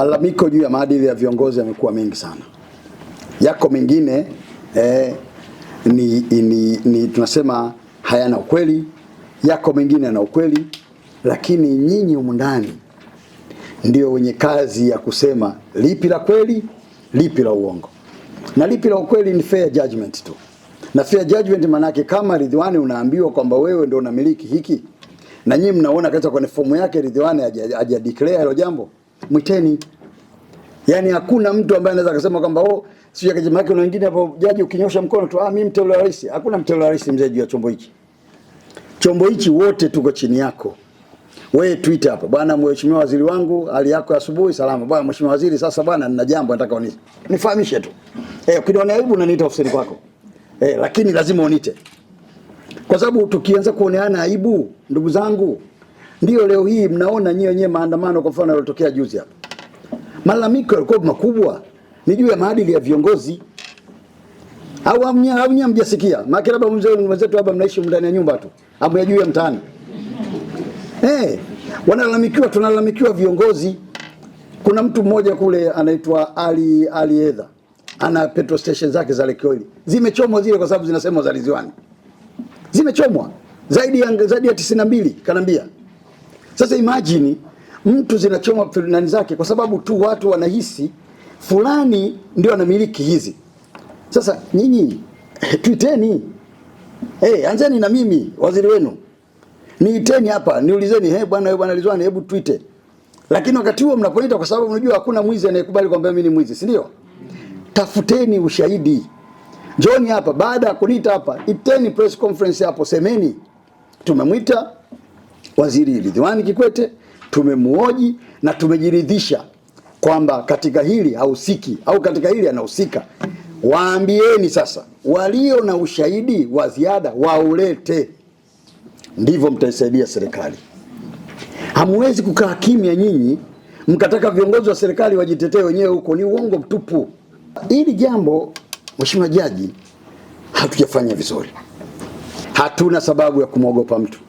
malalamiko juu ya maadili ya viongozi yamekuwa mengi sana. Yako mengine eh, ni, ni, ni tunasema hayana ukweli, yako mengine yana ukweli, lakini nyinyi humu ndani ndio wenye kazi ya kusema lipi la kweli, lipi la uongo na lipi la ukweli. Ni fair judgment tu, na fair judgment maanake, kama Ridhiwani unaambiwa kwamba wewe ndio unamiliki hiki na nyinyi mnaona katika kwenye fomu yake Ridhiwani haja hilo jambo mwiteni. Yani hakuna mtu ambaye anaweza kusema kwamba oh, sio ya kijamaa yake na wengine hapo, jaji ukinyosha mkono tu, ah, mimi mteule wa rais. Hakuna mteule wa rais mzee juu ya chombo hiki. Chombo hiki wote tuko chini yako. Wewe Twitter hapa, bwana mheshimiwa waziri wangu, hali yako asubuhi salama. Bwana mheshimiwa waziri, sasa bwana nina jambo nataka unisi. Nifahamishe tu. Eh, ukiona aibu unaniita ofisini kwako. Eh, lakini lazima unite. Kwa sababu tukianza kuoneana aibu, ndugu zangu, Ndiyo leo hii mnaona nyewe wenyewe maandamano kwa mfano yalotokea juzi hapa. Malalamiko yalikuwa makubwa ni juu ya maadili ya viongozi. Au amnya mjasikia. Maana labda mzee mwenzetu hapa mnaishi ndani ya nyumba tu. hapo ya juu ya mtaani. Eh, hey, wanalalamikiwa tunalalamikiwa viongozi. Kuna mtu mmoja kule anaitwa Ali Ali Edha. Ana petrol station zake za Lake Oil. Zimechomwa zile kwa sababu zinasemwa za Ridhiwani. Zimechomwa zaidi ya zaidi ya 92 kanambia. Sasa imagine mtu zinachoma fulani zake kwa sababu tu watu wanahisi fulani ndio anamiliki hizi. Sasa nyinyi tuiteni, eh, anzeni na mimi waziri wenu, niiteni hapa niulizeni, he bwana, he bwana Ridhiwani, hebu tuite. Lakini wakati huo mnapoita, kwa sababu unajua hakuna mwizi anayekubali kwamba mimi ni mwizi, si ndio? Tafuteni ushahidi, njoni hapa. Baada ya kuniita hapa, iteni press conference hapo, semeni tumemwita Waziri Ridhiwani Kikwete, tumemuoji na tumejiridhisha kwamba katika hili hahusiki au katika hili anahusika. Waambieni sasa, walio na ushahidi wa ziada waulete, ndivyo mtaisaidia serikali. Hamwezi kukaa kimya nyinyi mkataka viongozi wa serikali wajitetee wenyewe huko, ni uongo mtupu. Hili jambo Mheshimiwa Jaji, hatujafanya vizuri. Hatuna sababu ya kumwogopa mtu.